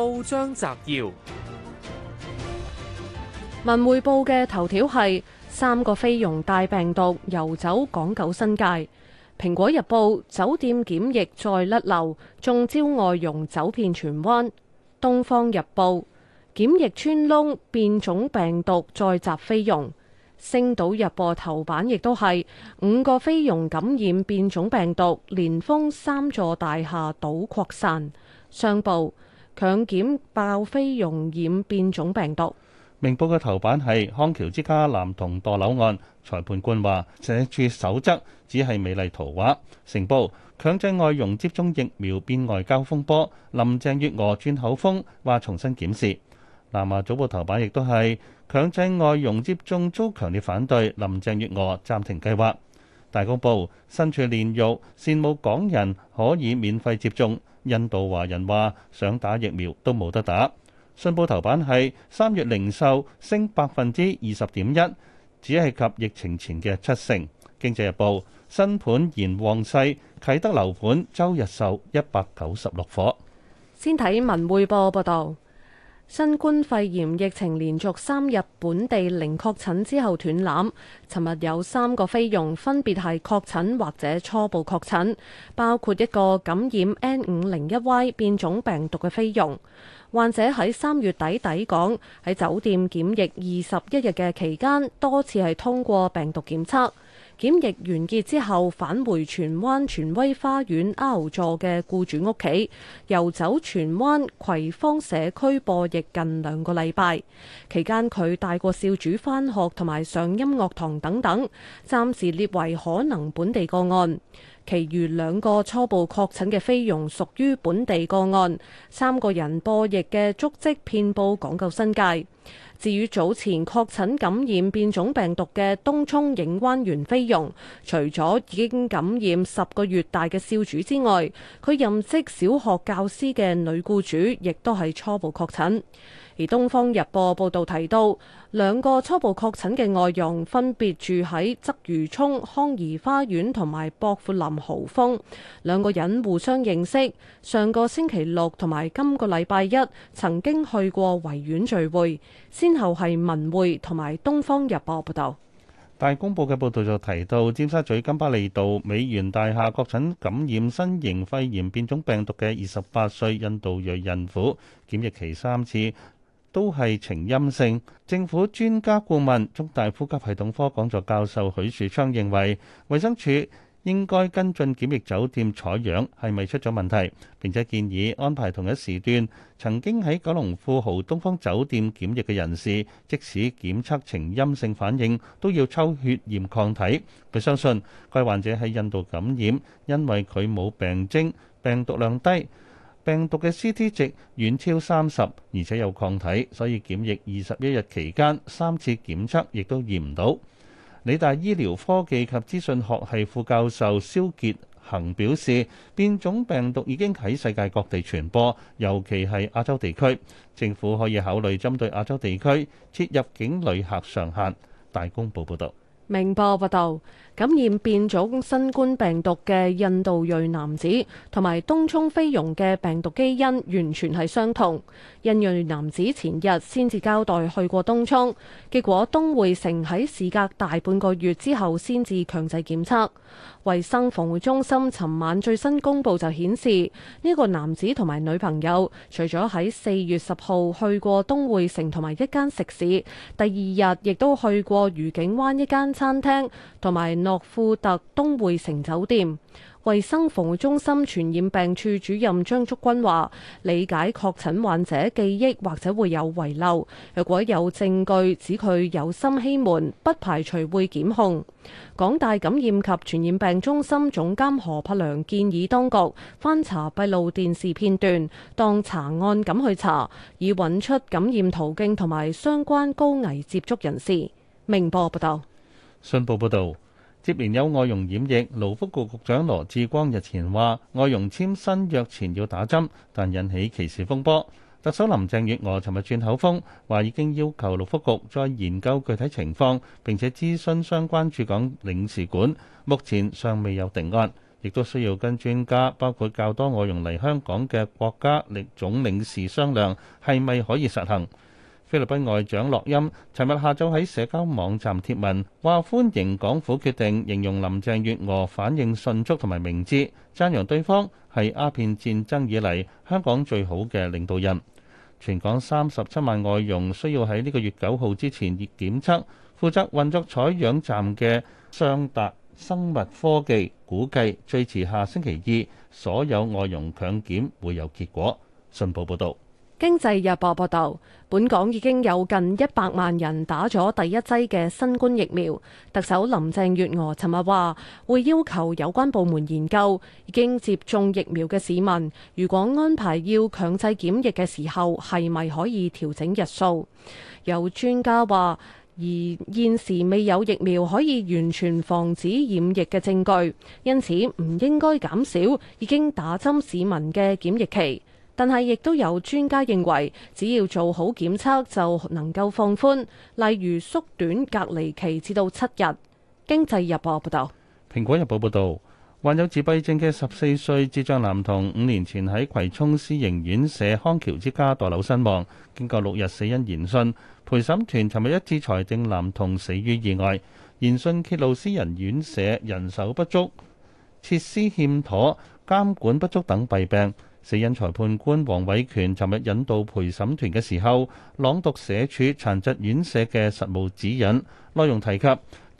報章摘要：《文匯報》嘅頭條係三個菲傭帶病毒遊走港九新界，《蘋果日報》酒店檢疫再甩漏，中招外傭走遍荃灣，《東方日報》檢疫穿窿變種病毒再襲菲傭，《星島日報》頭版亦都係五個菲傭感染變種病毒，連封三座大廈，島擴散。商報。強檢爆菲傭染變種病毒。明報嘅頭版係康橋之家男童墮樓案，裁判官話：寫住守則只係美麗圖畫。成報，強制外傭接種疫苗變外交風波，林鄭月娥轉口風話重新檢視。南華早報頭版亦都係強制外傭接種遭強烈反對，林鄭月娥暫停計劃。大公報，身處煉獄，羨慕港人可以免費接種。印度華人話想打疫苗都冇得打。信報頭版係三月零售升百分之二十點一，只係及疫情前嘅七成。經濟日報，新盤延旺勢，啟德樓盤周日售一百九十六伙。先睇文匯報報導。新冠肺炎疫情連續三日本地零確診之後斷纜，尋日有三個菲傭分別係確診或者初步確診，包括一個感染 N 五零一 Y 變種病毒嘅菲傭。患者喺三月底抵港，喺酒店檢疫二十一日嘅期間，多次係通過病毒檢測。檢疫完結之後，返回荃灣荃威花園 R 座嘅僱主屋企，遊走荃灣葵芳社區播疫近兩個禮拜。期間佢帶過少主返學同埋上音樂堂等等，暫時列為可能本地個案。其餘兩個初步確診嘅菲傭屬於本地個案，三個人播疫嘅足跡遍佈港九新界。至於早前確診感染變種病毒嘅東涌映灣園菲傭，除咗已經感染十個月大嘅少主之外，佢任職小學教師嘅女僱主亦都係初步確診。而《東方日報》報道提到，兩個初步確診嘅外傭分別住喺鰂魚涌康怡花園同埋薄扶林豪峰，兩個人互相認識，上個星期六同埋今個禮拜一曾經去過維園聚會。先後係文匯同埋東方日報報道，大公報嘅報道就提到，尖沙咀金巴利道美元大廈確診感染新型肺炎變種病毒嘅二十八歲印度裔孕婦，檢疫期三次都係呈陰性。政府專家顧問、中大呼吸系統科講座教授許樹昌認為，衛生署。應該跟進檢疫酒店採樣，係咪出咗問題，並且建議安排同一時段曾經喺九龍富豪東方酒店檢疫嘅人士，即使檢測呈陰性反應，都要抽血驗抗體。佢相信該患者喺印度感染，因為佢冇病徵、病毒量低、病毒嘅 CT 值遠超三十，而且有抗體，所以檢疫二十一日期間三次檢測亦都驗唔到。理大醫療科技及資訊學系副教授蕭傑恒表示，變種病毒已經喺世界各地傳播，尤其係亞洲地區。政府可以考慮針對亞洲地區設入境旅客上限。大公報報道。明報報道：感染變種新冠病毒嘅印度裔男子同埋東涌菲傭嘅病毒基因完全係相同。印裔男子前日先至交代去過東涌，結果東匯城喺事隔大半個月之後先至強制檢測。衛生防護中心尋晚最新公布就顯示，呢、這個男子同埋女朋友，除咗喺四月十號去過東匯城同埋一間食肆，第二日亦都去過愉景灣一間餐廳同埋諾富特東匯城酒店。衛生防護中心傳染病處主任張竹君話，理解確診患者記憶或者會有遺漏，若果有證據指佢有心欺瞞，不排除會檢控。港大感染及傳染病中心總監何柏良建議當局翻查閉路電視片段，當查案咁去查，以揾出感染途徑同埋相關高危接觸人士。明報報道，信報報道。接連有外傭染疫，勞福局局長羅致光日前話外傭簽新約前要打針，但引起歧視風波。特首林鄭月娥尋日轉口風，話已經要求勞福局再研究具體情況，並且諮詢相關駐港領事館，目前尚未有定案，亦都需要跟專家包括較多外傭嚟香港嘅國家嘅總領事商量，係咪可以實行。菲律賓外長諾音尋日下晝喺社交網站貼文，話歡迎港府決定，形容林鄭月娥反應迅速同埋明智，讚揚對方係鴉片戰爭以嚟香港最好嘅領導人。全港三十七萬外傭需要喺呢個月九號之前檢測，負責運作採樣站嘅尚達生物科技估計，最遲下星期二所有外傭強檢會有結果。信報報道。經濟日報報道，本港已經有近一百萬人打咗第一劑嘅新冠疫苗。特首林鄭月娥尋日話，會要求有關部門研究，已經接種疫苗嘅市民，如果安排要強制檢疫嘅時候，係咪可以調整日數？有專家話，而現時未有疫苗可以完全防止染疫嘅證據，因此唔應該減少已經打針市民嘅檢疫期。但係，亦都有專家認為，只要做好檢測，就能夠放寬。例如縮短隔離期至到七日。經濟日報報道，蘋果日報報道，患有自閉症嘅十四歲智障男童五年前喺葵涌私營院舍康橋之家墮樓身亡，經過六日死因研訊，陪審團尋日一致裁定男童死於意外。研訊揭露私人院舍人手不足、設施欠妥、監管不足等弊病。死因裁判官黃偉權尋日引導陪審團嘅時候，朗讀社署殘疾院舍嘅實務指引，內容提及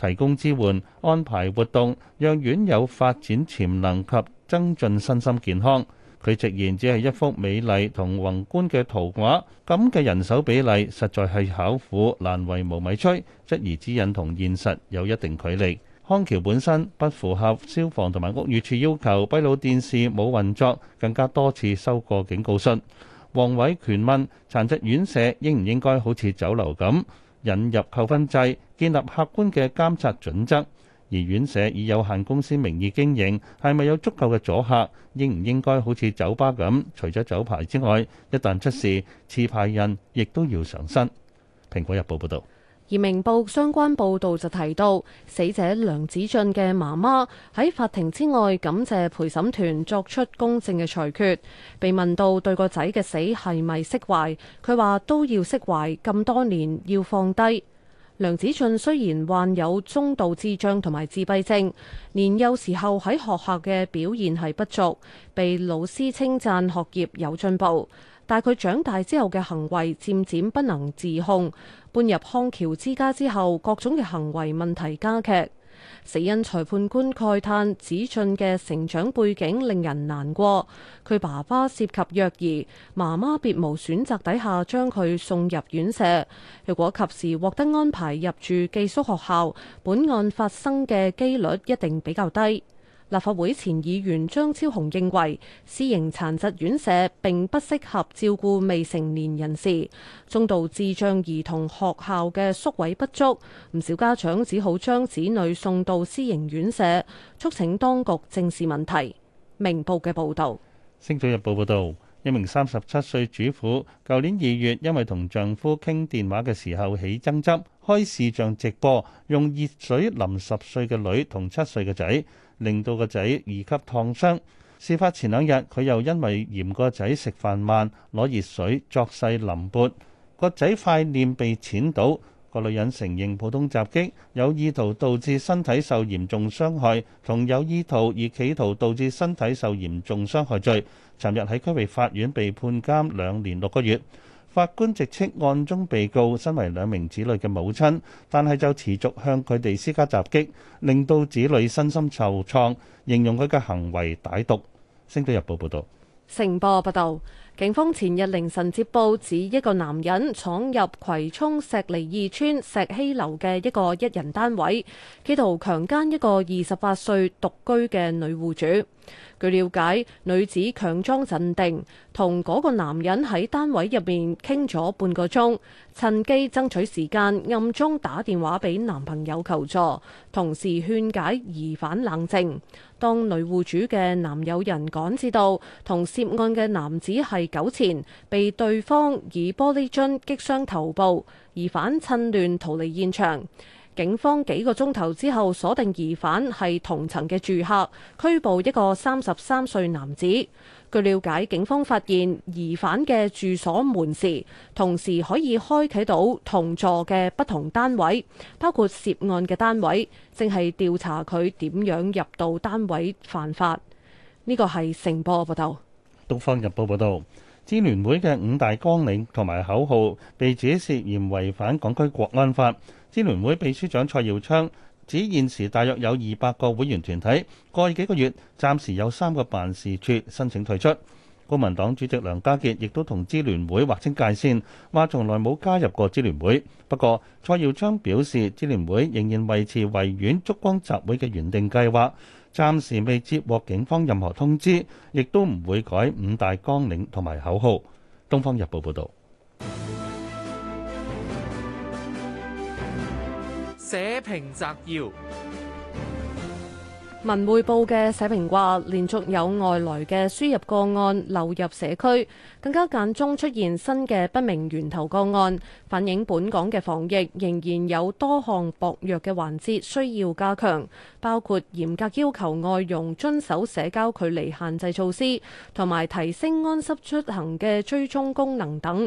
提供支援、安排活動，讓院友發展潛能及增進身心健康。佢直言，只係一幅美麗同宏觀嘅圖畫，咁嘅人手比例實在係巧婦難為無米炊，質疑指引同現實有一定距離。康橋本身不符合消防同埋屋宇署要求，閉路電視冇運作，更加多次收過警告信。黃偉權問：殘疾院舍應唔應該好似酒樓咁引入扣分制，建立客觀嘅監察準則？而院舍以有限公司名義經營，係咪有足夠嘅阻嚇？應唔應該好似酒吧咁，除咗酒牌之外，一旦出事，持牌人亦都要上身。《蘋果日報》報導。而明報相關報導就提到，死者梁子俊嘅媽媽喺法庭之外感謝陪審團作出公正嘅裁決。被問到對個仔嘅死係咪釋懷，佢話都要釋懷，咁多年要放低。梁子俊雖然患有中度智障同埋自閉症，年幼時候喺學校嘅表現係不俗，被老師稱讚學業有進步。但佢長大之後嘅行為漸漸不能自控，搬入康橋之家之後，各種嘅行為問題加劇。死因裁判官慨嘆，子俊嘅成長背景令人難過。佢爸爸涉及虐兒，媽媽別無選擇底下將佢送入院舍。若果及時獲得安排入住寄宿學校，本案發生嘅機率一定比較低。立法會前議員張超雄認為，私營殘疾院舍並不適合照顧未成年人士，中度智障兒童學校嘅宿位不足，唔少家長只好將子女送到私營院舍，促請當局正視問題。明報嘅報導，《星島日報》報道，一名三十七歲主婦，舊年二月因為同丈夫傾電話嘅時候起爭執，開視像直播，用熱水淋十歲嘅女同七歲嘅仔。令到個仔二級燙傷。事發前兩日，佢又因為嫌個仔食飯慢，攞熱水作勢淋潑，個仔塊臉被濺到。個女人承認普通襲擊，有意圖導致身體受嚴重傷害，同有意圖以企圖導致身體受嚴重傷害罪，尋日喺區域法院被判監兩年六個月。法官直斥案中被告身為兩名子女嘅母親，但係就持續向佢哋施加襲擊，令到子女身心受創，形容佢嘅行為歹毒。星島日報報道。成報報道。警方前日凌晨接報，指一個男人闖入葵涌石梨二村石溪樓嘅一個一人單位，企圖強姦一個二十八歲獨居嘅女戶主。據了解，女子強裝鎮定，同嗰個男人喺單位入面傾咗半個鐘，趁機爭取時間，暗中打電話俾男朋友求助，同時勸解疑犯冷靜。當女戶主嘅男友人趕至到，同涉案嘅男子係。不久前被對方以玻璃樽擊傷頭部，疑犯趁亂逃離現場。警方幾個鐘頭之後鎖定疑犯係同層嘅住客，拘捕一個三十三歲男子。據了解，警方發現疑犯嘅住所門匙，同時可以開啟到同座嘅不同單位，包括涉案嘅單位，正係調查佢點樣入到單位犯法。呢個係成報報道。《東方日報》報導，支聯會嘅五大綱領同埋口號被指涉嫌違反港區國安法。支聯會秘書長蔡耀昌指，現時大約有二百個會員團體，過去幾個月暫時有三個辦事處申請退出。公民黨主席梁家傑亦都同支聯會劃清界線，話從來冇加入過支聯會。不過蔡耀昌表示，支聯會仍然維持維園燭光集會嘅原定計劃，暫時未接獲警方任何通知，亦都唔會改五大綱領同埋口號。《東方日報》報道。社評摘要。文匯報嘅社評話，連續有外來嘅輸入個案流入社區，更加間中出現新嘅不明源頭個案，反映本港嘅防疫仍然有多項薄弱嘅環節需要加強，包括嚴格要求外傭遵守社交距離限制措施，同埋提升安心出行嘅追蹤功能等。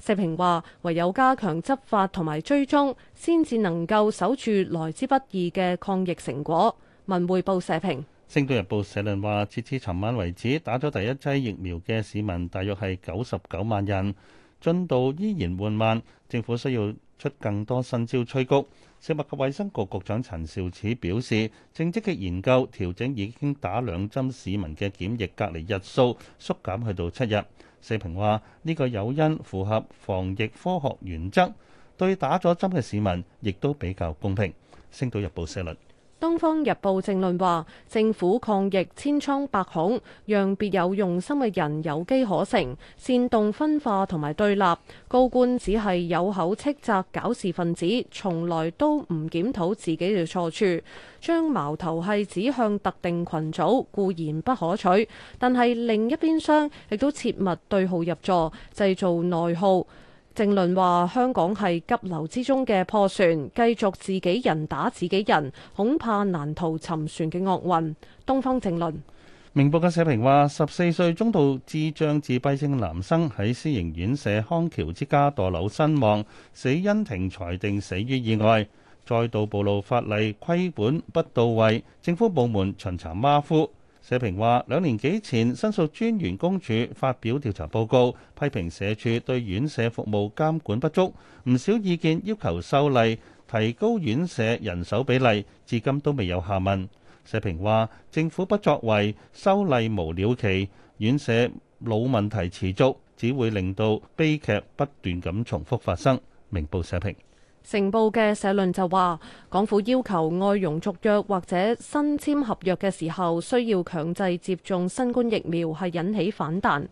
社評話，唯有加強執法同埋追蹤，先至能夠守住來之不易嘅抗疫成果。文匯報社評。《星島日報》社論話：截至尋晚為止，打咗第一劑疫苗嘅市民大約係九十九萬人，進度依然緩慢，政府需要出更多新招催谷。食物及衛生局局長陳肇始表示，正積極研究調整已經打兩針市民嘅檢疫隔離日數，縮減去到七日。社評話：呢個有因符合防疫科學原則，對打咗針嘅市民亦都比較公平。《星島日報》社論。《東方日報》正論話，政府抗疫千瘡百孔，讓別有用心嘅人有機可乘，煽動分化同埋對立。高官只係有口斥責搞事分子，從來都唔檢討自己嘅錯處，將矛頭係指向特定群組，固然不可取。但係另一邊雙廂亦都切勿對號入座，製造內耗。正論話：香港係急流之中嘅破船，繼續自己人打自己人，恐怕難逃沉船嘅厄運。東方正論明報嘅社評話：十四歲中度智障自閉症男生喺私營院舍康橋之家墮樓身亡，死因庭裁定死於意外，再度暴露法例規管不到位，政府部門巡查馬虎。社評話：兩年幾前，申訴專員公署發表調查報告，批評社署對院舍服務監管不足，唔少意見要求修例，提高院舍人手比例，至今都未有下文。社評話：政府不作為，修例無了期，院舍老問題持續，只會令到悲劇不斷咁重複發生。明報社評。成報嘅社論就話，港府要求外傭續約或者新簽合約嘅時候，需要強制接種新冠疫苗係引起反彈。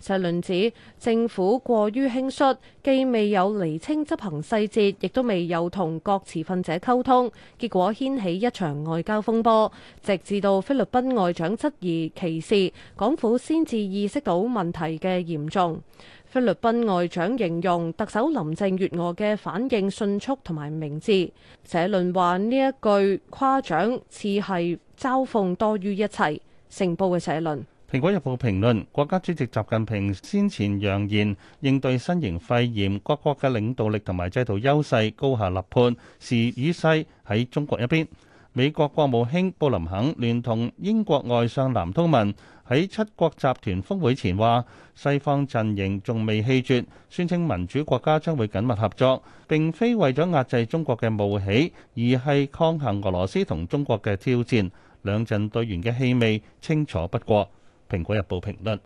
社論指政府過於輕率，既未有釐清執行細節，亦都未有同各持份者溝通，結果掀起一場外交風波，直至到菲律賓外長質疑歧視，港府先至意識到問題嘅嚴重。菲律賓外長形容特首林鄭月娥嘅反應迅速同埋明智，社論話呢一句誇獎似係嘲諷多於一切。成報嘅社論。《蘋果日報》評論：國家主席習近平先前揚言，應對新型肺炎，各國嘅領導力同埋制度優勢高下立判，時與勢喺中國一邊。美國國務卿布林肯聯同英國外相藍韜文。喺七國集團峯會前話，西方陣營仲未氣絕，宣稱民主國家將會緊密合作，並非為咗壓制中國嘅冒起，而係抗衡俄羅斯同中國嘅挑戰。兩陣隊員嘅氣味清楚不過。《蘋果日報》評論。